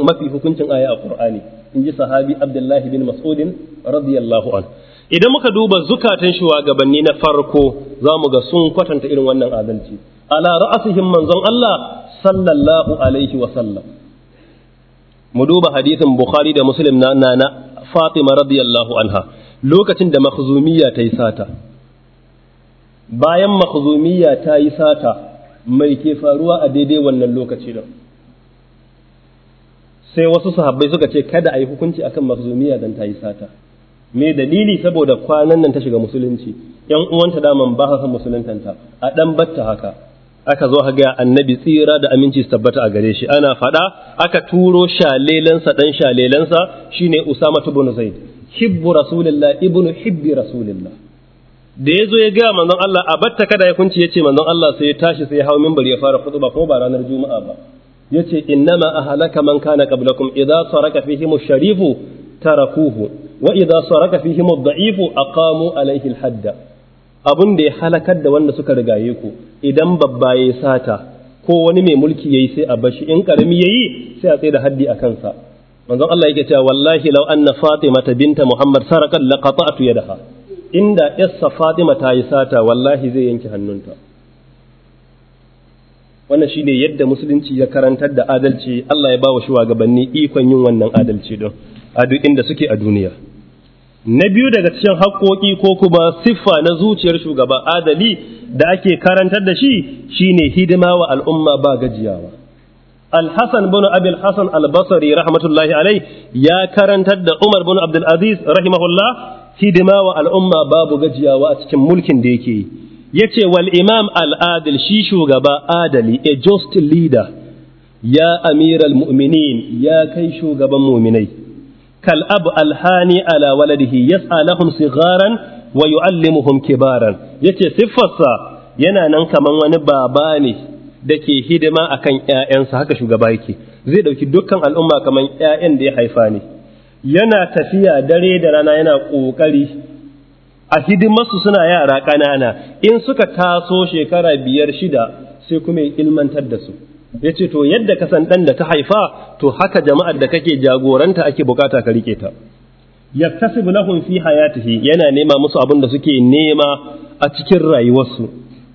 mafi hukuncin aya a Kur'ani. inji sahabi Abdullahi bin Mas'udin radiyallahu an idan muka duba zukatan shugabanni na farko zamu ga sun kwatanta irin wannan adalci ala ra'asihim manzon Allah sallallahu alaihi wa sallam mu duba hadisin Bukhari da Muslim na Fatima radiyallahu anha lokacin da makhzumiyya ta yi sata bayan makhzumiyya ta yi sata mai ke faruwa a daidai wannan lokaci da sai wasu sahabbai suka ce kada a yi hukunci akan makhzumiyya dan ta yi sata me dalili saboda kwanan nan ta shiga musulunci yan uwanta daman ba san musuluntanta a dan batta haka aka zo ga annabi tsira da aminci su tabbata a gare shi ana faɗa aka turo shalelansa ɗan shalelansa shine usama ibn zaid hibbu rasulillah ibnu hibbi rasulillah da ya zo ya gaya manzon Allah a batta kada ya kunci ya ce manzon Allah sai ya tashi sai ya hau mimbar ya fara khutba ko ba ranar juma'a ba ya ce innama ahlaka man kana qablakum idza saraka fihim ash-sharifu tarakuhu wa idza saraka fihim ad-da'ifu aqamu alayhi al-hadda abun da ya halakar da wanda suka rigaye ku idan babba ya sata ko wani mai mulki yayi sai a bashi in karami yayi sai a tsaye da haddi a kansa manzon Allah yake cewa wallahi law anna ta binta muhammad sarakat qata'tu yadaha inda yassa fatima ta yi sata wallahi zai yanke hannunta wannan shine yadda musulunci ya karantar da adalci Allah ya bawa shugabanni ikon yin wannan adalci don a duk inda suke a duniya na biyu daga cikin haƙƙoƙi ko kuma siffa na zuciyar shugaba adali da ake karantar da shi shine hidima wa al'umma ba gajiyawa Al-Hasan bin Abil Al-Basri rahmatullahi alai ya karantar da Umar bin Abdul Aziz rahimahullah hidima al'umma babu gajiyawa a cikin mulkin da yake yi. Yace wal Imam al shi shugaba adali a just leader ya amiral mu'minin ya kai shugaban mu'minai kal ab alhani ala waladihi yas'aluhum sigharan wa yu'allimuhum kibaran yace siffarsa yana nan kaman wani baba ne da ke hidima kan ‘ya'yansa haka shugaba yake zai ɗauki dukkan al'umma kamar ‘ya'yan da ya haifa ne yana tafiya dare da rana yana ƙoƙari a hidimarsu suna yara ƙanana in suka taso shekara biyar shida sai kuma ya ilmantar da su ya ce to yadda ka san ɗan da ta haifa to haka jama'ar da kake jagoranta ake bukata ka riƙe ta Ya yaktasibu lahum fi hayatihi yana nema musu abin da suke nema a cikin rayuwarsu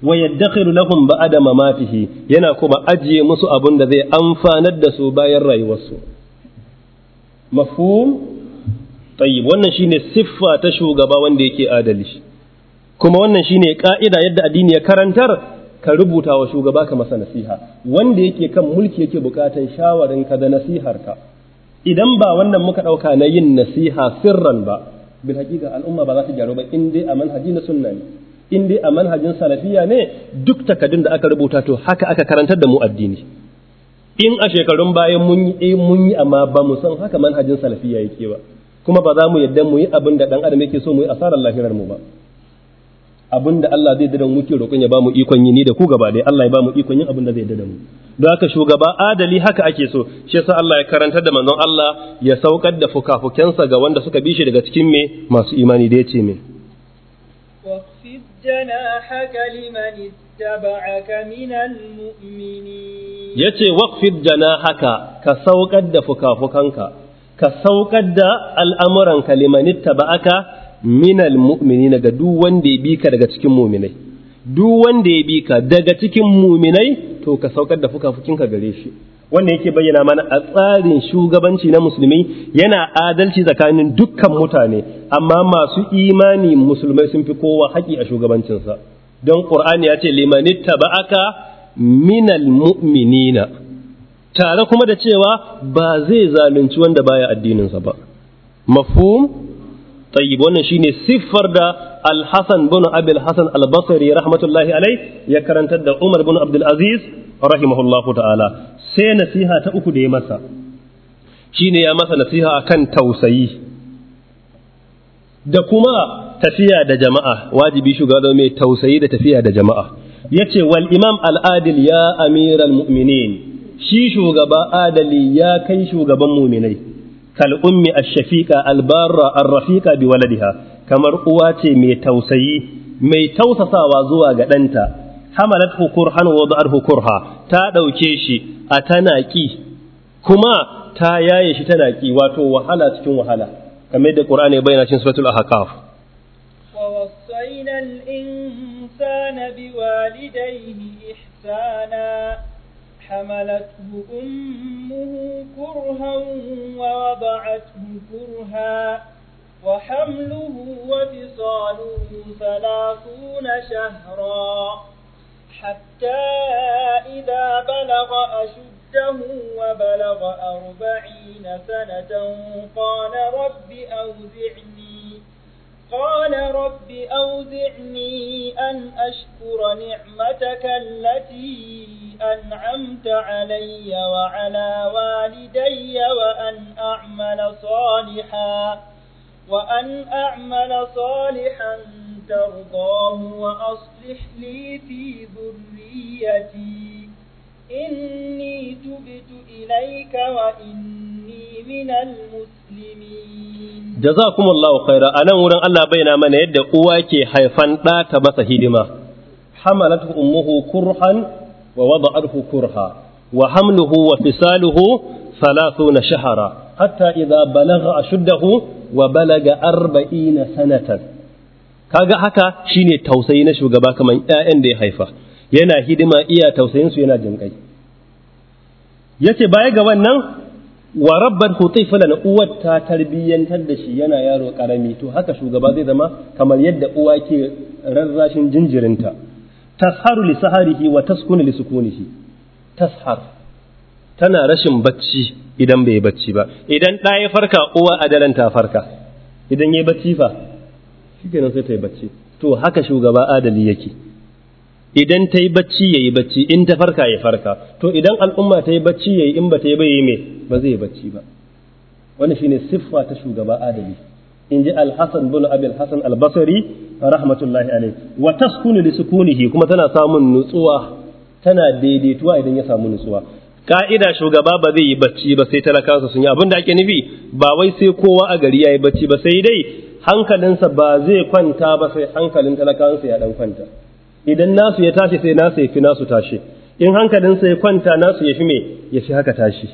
wa yaddakhiru lahum ba'da mamatihi yana kuma ajiye musu abun da zai amfanar da su bayan rayuwarsu mafhum tayyib wannan shine siffa ta shugaba wanda yake adali kuma wannan shine ka'ida yadda addini ya karantar ka rubuta wa shugaba ka masa nasiha wanda yake kan mulki yake bukatan ka da nasiharka idan ba wannan muka dauka na yin nasiha sirran ba bil haqiqa al'umma ba za ta gyaru ba in dai a manhaji na sunna ne in dai a manhajin salafiya ne duk takaddun da aka rubuta to haka aka karantar da mu addini in a shekarun bayan mun yi eh, mun yi amma ba mu san haka manhajin salafiya yake ba kuma ba za mu yadda mu yi abin da dan adam yake so mu yi asarar lahirar mu ba abin da Allah zai dada muke roƙon ya ba mu ikon yi ni da ku gaba dai Allah ya ba mu ikon yin abin da zai dada mu don haka shugaba adali haka ake so shi yasa Allah ya karantar da manzon Allah ya saukar da fukafukensa ga wanda suka bi shi daga cikin me masu imani da ya ce me ya ce jana haka ka saukar da fukafukanka ka saukar da al’amuran kalimanin taba’aka minal mu’mini daga duk wanda ya bi ka daga cikin muminai duk wanda ya bi ka daga cikin muminai to ka saukar da fukafukinka gare shi wanda yake bayyana mana a tsarin shugabanci na musulmi yana adalci tsakanin dukkan mutane amma masu imani musulmai sun fi kowa haƙi a shugabancinsa don ƙur'ani ya ce limanit taba'aka minal mu'minina tare kuma da cewa ba zai zalunci wanda baya addininsa ba mafhum tayyib wannan shine siffar da Al-Hasan bin abul Hasan Al-Basri rahmatullahi alai ya karantar da Umar bin Abdul Aziz rahimahullahu ta'ala sai nasiha ta uku da ya masa shine ya masa nasiha kan tausayi da kuma tafiya da jama'a wajibi shugaba mai tausayi da tafiya da jama'a yace wal imam al-adil ya amiral mu'minin shi shugaba adali ya kai shugaban mu'minai kal ummi ash-shafiqa al-barra ar-rafiqa bi waladiha kamar uwa ce mai tausayi mai tausasawa zuwa ga ɗanta hamalat hukurhan wada'ar hukurha ta ɗauke shi a tanaki kuma ta yaye shi tana ƙi, wato wahala cikin wahala kamar da qur'ani bai na cikin suratul ahqaf wa wasayna al insana bi walidayhi ihsana hamalathu ummuhu kurhan wa wada'athu kurha وحمله وفصاله ثلاثون شهرا حتى إذا بلغ أشده وبلغ أربعين سنة قال رب أوزعني قال رب أوزعني أن أشكر نعمتك التي أنعمت علي وعلى والدي وأن أعمل صالحا وأن أعمل صالحا ترضاه وأصلح لي في ذريتي إني تبت إليك وإني من المسلمين جزاكم الله خيرا أنا ورن الله بين من يد قواك حيفان لا تمس هدما حملته أمه كرها ووضعته كرها وحمله وفصاله ثلاثون شهرا حتى إذا بلغ أشده وبلغ أربعين سنة kaga haka shine tausayi na shugaba kamar ƴaƴan da ya haifa yana hidima iya tausayin su yana jin kai yace baya ga wannan wa rabban hutiflan uwar ta tarbiyyantar da shi yana yaro karami to haka shugaba zai zama kamar yadda uwa ke rarrashin jinjirinta tasharu li saharihi wa taskunu li sukunihi tashar tana rashin bacci idan bai bacci ba idan ɗaya farka uwa a daren ta farka idan ya bacci fa shikenan sai ta yi bacci to haka shugaba adali yake idan ta yi bacci ya yi bacci in ta farka ya farka to idan al'umma ta yi bacci ya yi in ba ta yi ba yi me ba zai yi bacci ba wani shine siffa ta shugaba adali in ji alhassan bin abil hassan albasari rahmatullahi alaihi wa taskunu li sukunihi kuma tana samun nutsuwa tana daidaituwa idan ya samu nutsuwa ka'ida shugaba ba zai yi bacci ba sai talakansa sun yi abin da ake nufi ba wai sai kowa a gari ya yi bacci ba sai dai hankalinsa ba zai kwanta ba sai hankalin talakansa ya dan kwanta idan nasu ya tashi sai nasu ya fi nasu tashi in hankalinsa ya kwanta nasu ya fi me ya fi haka tashi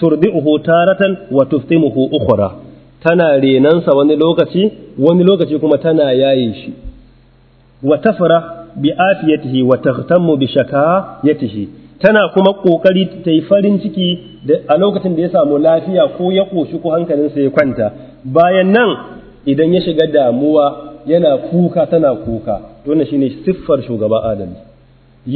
turdi'uhu taratan wa tuftimuhu ukhra tana renansa wani lokaci wani lokaci kuma tana yaye shi wa tafra bi afiyatihi wa tahtammu bi shakayatihi tana kuma kokari ta yi farin ciki a lokacin da ya samu lafiya ko ya koshi ko hankalinsa ya kwanta bayan nan idan ya shiga damuwa yana kuka tana kuka wannan shine siffar shugaba adam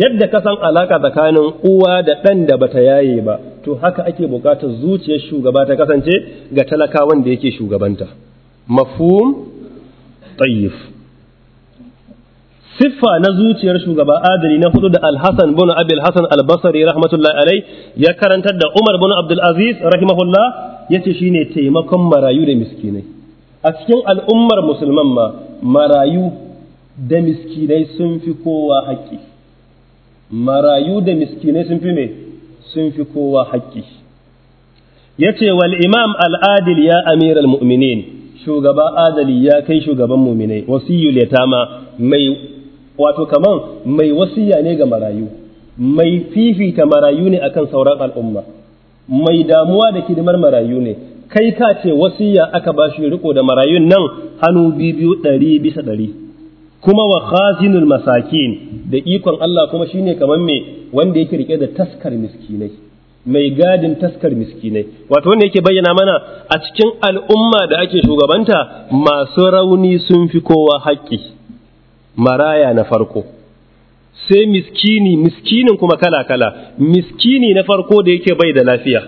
yadda ka san alaka tsakanin uwa da ɗan da bata yaye ba to haka ake buƙatar zuciyar shugaba ta kasance ga talakawan da yake shugabanta mafhum tayyif siffa na zuciyar shugaba adali na hudu da alhassan bin abil hasan albasari rahmatullahi alai ya karantar da umar bin abdul aziz rahimahullah yace shine taimakon marayu da miskinai a cikin al'ummar musulman ma marayu da miskinai sun fi kowa haƙƙi marayu da miskinai sun fi me sun fi kowa haƙƙi yace wal imam al'adil ya amir mu'minin shugaba adali ya kai shugaban mu'minai wasiyul ma mai wato kaman mai wasiya ne ga marayu mai fifita marayu ne akan sauran al'umma mai damuwa da kidimar marayu ne kai ka ce wasiya aka bashi riko da marayun nan hannu biyu ɗari bisa ɗari kuma wa khazinul masakin da ikon Allah kuma shine kamar me wanda yake rike da taskar miskinai mai gadin taskar miskinai wato wanda yake bayyana mana a cikin al'umma da ake shugabanta masu rauni sun fi kowa haƙƙi maraya na farko sai miskini miskinin kuma kala kala miskini na farko da yake bai da lafiya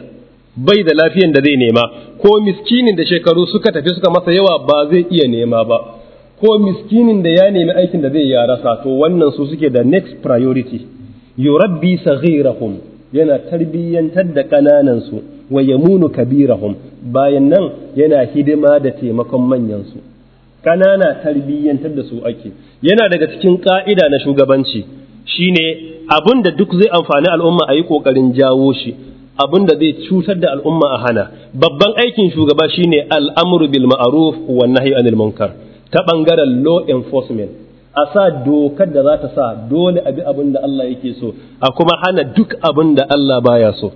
bai da lafiyan da zai nema ko miskinin da shekaru suka tafi suka masa yawa ba zai iya nema ba ko miskinin da ya nemi aikin da zai ya rasa to wannan su suke da next priority yurabbi saghirahum yana tarbiyyantar da kananan su wa yamunu kabirahum bayan nan yana hidima da taimakon manyan su kanana tarbiyyantar da su ake yana daga cikin ka'ida na shugabanci shine abin da duk zai amfani al'umma a yi ƙoƙarin jawo shi abin da zai cutar da al'umma a hana babban aikin shugaba shine al'amru bil ma'ruf wa nahyi anil munkar ta bangaren law enforcement a sa dokar da za ta sa dole abi abin da Allah yake so a kuma hana duk abin da Allah baya so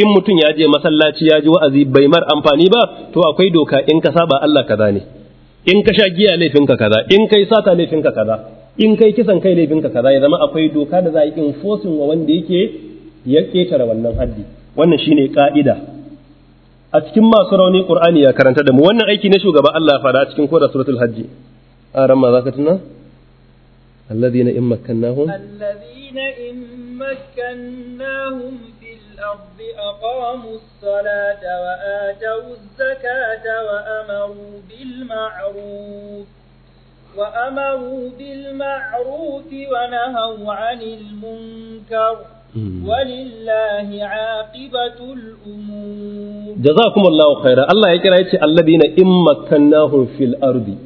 in mutum ya je masallaci ya ji wa'azi bai mar amfani ba to akwai doka in ka saba Allah kaza ne in ka sha giya laifinka kaza in kai sata laifinka kaza in kai kisan kai laifinka kaza ya zama akwai doka da za a yi enforcing wa wanda yake ya ketare wannan haddi wannan ne ka'ida a cikin masu rauni qur'ani ya karanta da mu wannan aiki na shugaba Allah fara cikin koda suratul hajji a ran ma ka tuna alladhina in in makkannahum fil aqamu salata wa zakata amaru bil ma'ruf وأمروا بالمعروف ونهوا عن المنكر Hmm. walillahi aqibatul umur jazakumullahu khaira Allah ya kira yace alladina in makkannahum fil ardi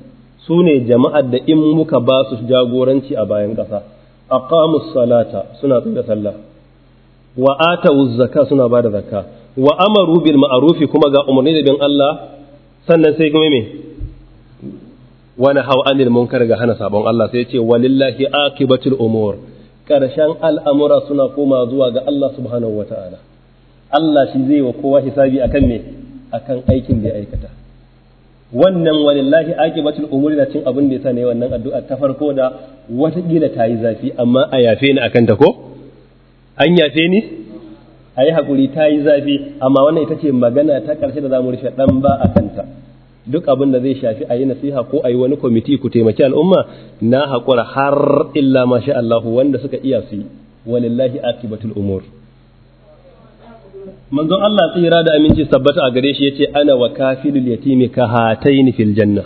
sune jama'ar da in muka ba su jagoranci a bayan ƙasa aqamus salata suna tsaya sallah wa atawuz zakka suna ba da zakka wa amaru bil ma'rufi kuma ga umarni da bin Allah sannan sai kuma me wani hau annin munkar ga hana sabon Allah sai ya ce walillahi aqibatul umur Karshen al'amura suna koma zuwa ga Allah subhanahu wa ta'ala Allah shi zai wa kowa hisabi akan me akan aikin da ya aikata wannan walillahi bacin umuri na cin abin da ya sani wannan addu'a ta farko da watakila ta yi zafi amma a yafe ni akan ta ko an yafe ni a yi haƙuri ta yi zafi amma wannan ita ce magana ta ƙarshe da za mu rufe ɗan ba a kanta duk abin da zai shafi a yi nasiha ko a yi wani kwamiti ku taimaki al'umma na haƙura har illa ma sha Allahu wanda suka iya su walillahi akibatul umur manzon Allah tsira da aminci sabbata a gare shi ya ce ana wa kafilul yatimi ka hataini fil janna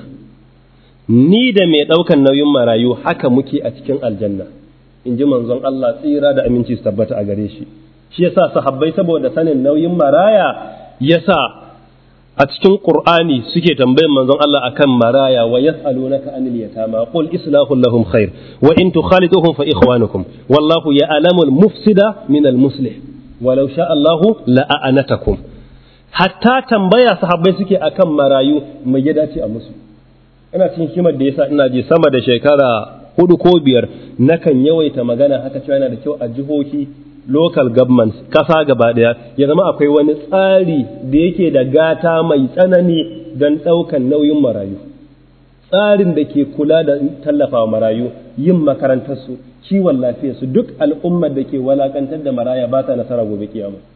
ni da mai ɗaukan nauyin marayu haka muke a cikin aljanna in ji manzon Allah tsira da aminci sabbata a gare shi shi yasa sahabbai saboda sanin nauyin maraya ya sa. a cikin qur'ani suke tambayan manzon Allah akan maraya wa yas'alunaka anil yatama qul islahu lahum khair wa in tukhaliduhum fa ikhwanukum wallahu ya'lamu al-mufsida min al-muslih walau sha Allahu la'anatakum hatta tambaya sahabbai suke akan marayu mai ya dace a musu ina cikin himar da yasa ina ji sama da shekara hudu ko biyar nakan yawaita magana haka cewa yana da kyau a jihohi local government kasa gaba daya ya zama akwai wani tsari da yake da gata mai tsanani don ɗaukan nauyin marayu tsarin da ke kula da tallafawa marayu yin makarantarsu kiwon lafiyarsu duk al'ummar da ke walakantar da maraya ba ta nasara gobe kiyama